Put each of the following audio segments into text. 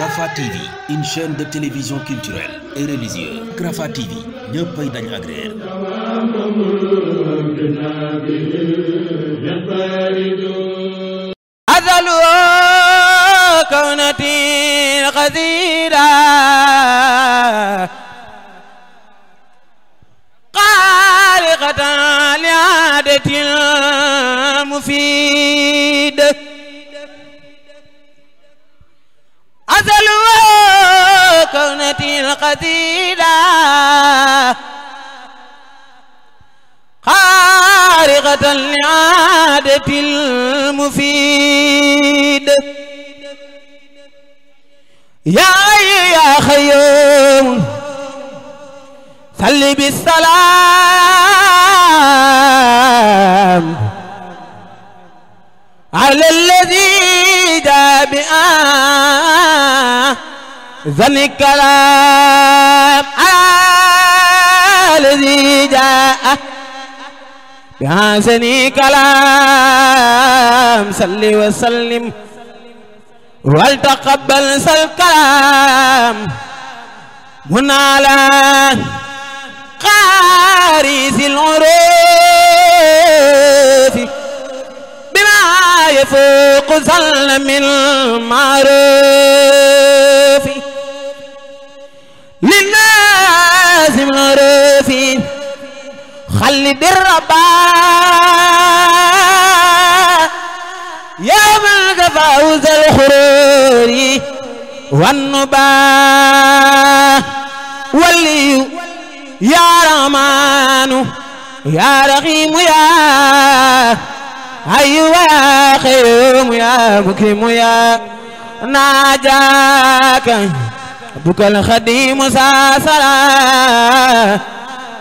Rafah TV une chaîne de télévision culturelle et religieuse Rafah TV ñëppay dañ agréer azalu kawnati qasira khaliqatan li'adatil mufid القتيلا خارقة لعادة المفيد يا أي يا خيوم صل بالسلام زن كلام الذي جاء بحسن كلام صل وسلم ولتقبل سل كلام من على قارس العروف بما يفوق سلم المعروف للناس معروفين خلد الربا يا من تفاوز الخرور والنبا ولي يا رحمن يا رحيم يا أيوا خيوم يا مكرم يا ناجاك بك الخديم ساسلا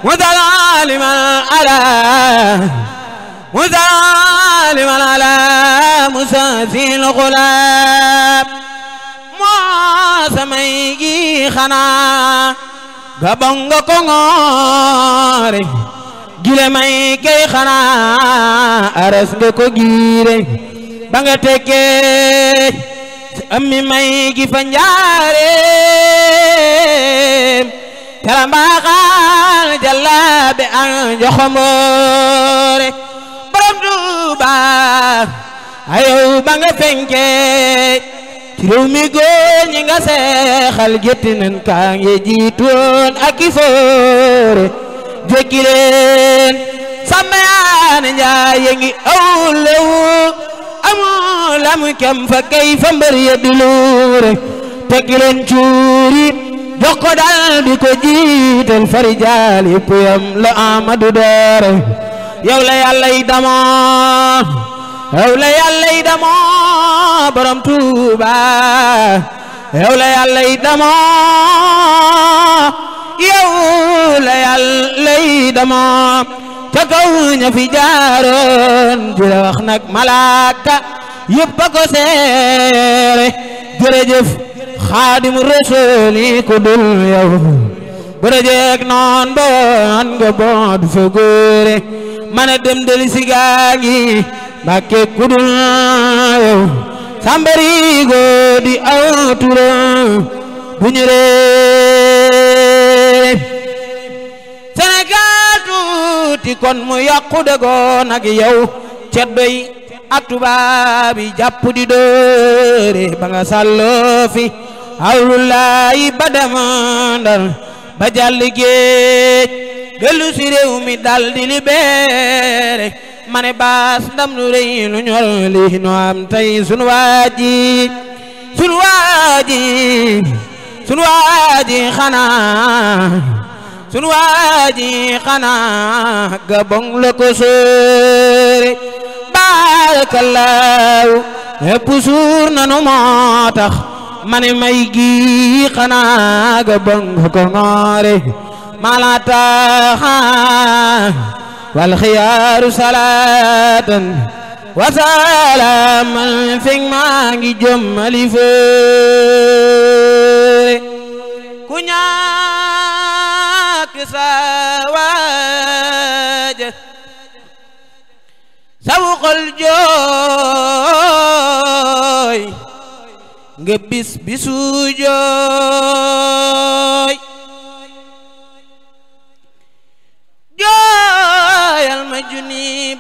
متلالما على متلالما على مساسي الغلام ما سميجي خنا غبنغ كونغوري gile may kay xanaa aras nga ko giire ba nga tekkee ammi may gi fa njaareem kala mbaaxal jallaabe an joxomoore borom Tuuba ayow ba nga fenke ci réew mi góor ñi nga seexal gétti kaa ngi jiitoon ak i foore jekki leen sàmmayaan njaay ngi awlewu يعلم كم فكيف مريد لوري تكلن جوري جقد بك جيت الفرجال يقيم لأمد داري يولا يالا يدما يولا يالا يدما برم توبا يولا يالا يدما يولا يالا يدما تكون في جار جرى وخنك ملاكا yëpp a ko seere jërëjëf xaadim rasul yi ku dul noon ba an nga bood fa góore dem del si gaa ngi mbàkke ku dul yow sambarigo di aw turam kon mu yàqu dëggoon ak yow ceddoy atubaabi jàpp di dóore ba nga sàlloo fi awlulaay ba demandal ba jàll géej dellu si réew mi dal di libéré ma ne baas lu rëy lu ñor lii nu am tey sunu waaji sunu waaji sunu waaji xanaa sunu waaji xanaa gabon la ko sóore tabaarakallaahu yépp suur nanu moo mani may gi xanaa ga bëng mala taxa wal xiyaaru salaatan wa salaaman feg maa ngi jëmmali sabu xol jooy nga bisu jooy jooyal ma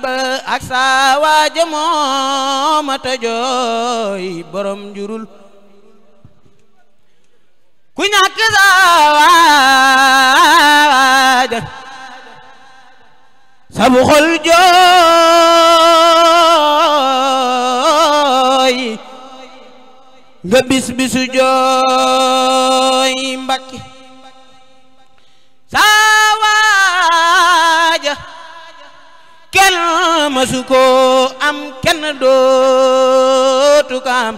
ba ak saa waaja moomata jooy borom jurul ku ñàkk saa waaja sabu jooy nga bis bisu jooy mbakki saa waaja kenn am kenn dootu am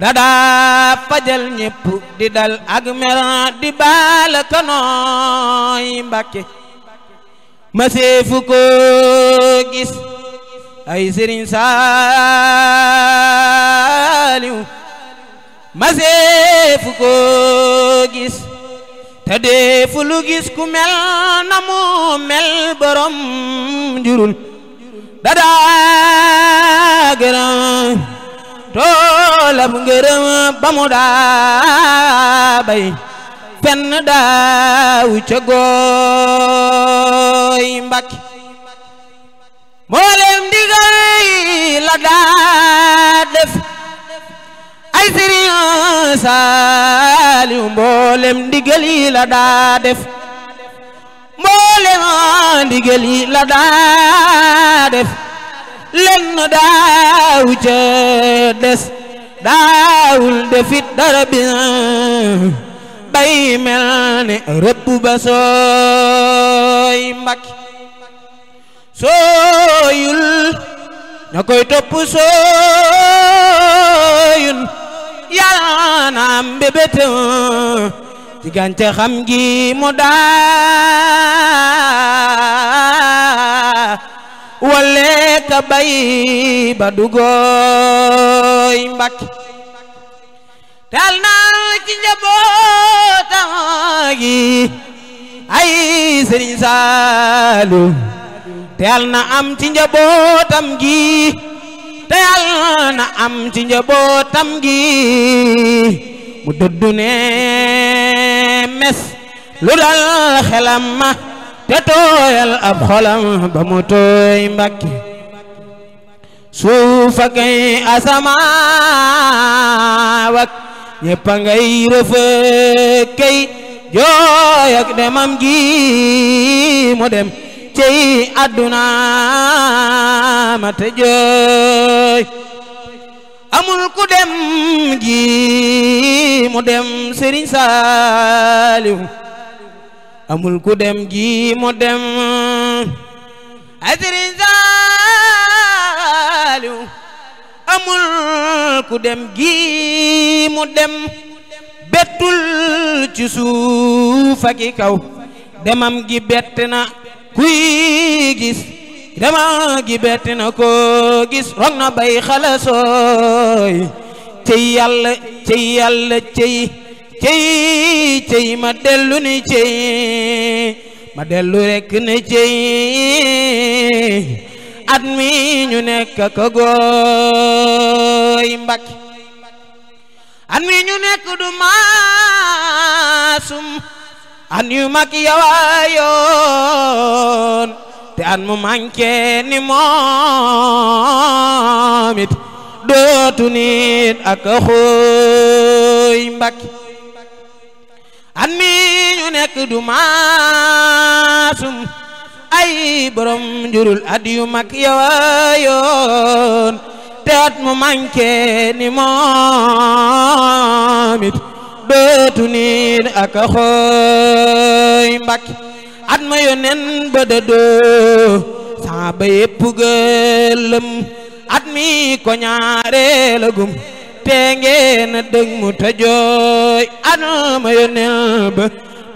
dadaa fajal ñépp di dal ak mer di baal kanooy mbakki maseefu gis ay sëriñ saaliw maseefu ko gis te ku mel na mu mel borom njurul dadaa gërëm toolab ngërëm ba mu daa bay fenn daawu ca gooy mbakki mboolem ndigal yi la daa def ay sëriñ Saaliw mboolem ndigal yi la daa def mboolem ndigal yi la daa def lenn daawu ca des daawul defit dara bi bay mel ne rëbb ba sooy mbakki sooyul ña koy topp sooyun yàlla na am bébétam ci gàncaxam gi mu daa wale bay ba dugooy mbak tal naa ci njabootam gi ay sëriñ Saalu te na am ci njabootam gi te am ci njabootam gi mu dudd ne mes lu xelam ma te tooyal xolam ba mu tooy mbàkke suufa kay asamaawak ñépp ngay rëfa kay jooy demam gi mu dem cey àdduna ma te jooy dem gi mu dem Serigne Saliou dem gi mu dem bettul ci suuf kaw demam gi bett kuy gis dama gi na ko gis rog na bay xalasooy cey yàlla cey yàlla cey cey ma dellu ni cey ma dellu rekk na cey at mi ñu nekk ko gooy mbak at mi ñu nekk du maasum an yu mag ya waayoon te an mu manke ni moom dootu nit ak a xooy mbakki an mi nekk du maasum ay borom njurul at yu mag ya waayoon te at mu manke ni moom bëtu niin ak a xooy Mbàkke at ma yónneen ba dëddoo saa ba yépp gëlëm at mi ko ñaareel gum te ngeen a mu ta jooy ma yónneen ba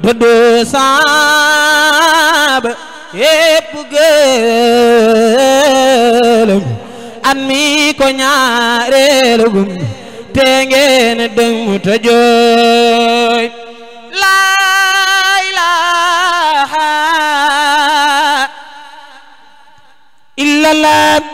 dëddoo saa ba yépp gëlëm at mi ko ñaareel gum te ngeen dëng te jooy laa ilaaha illallah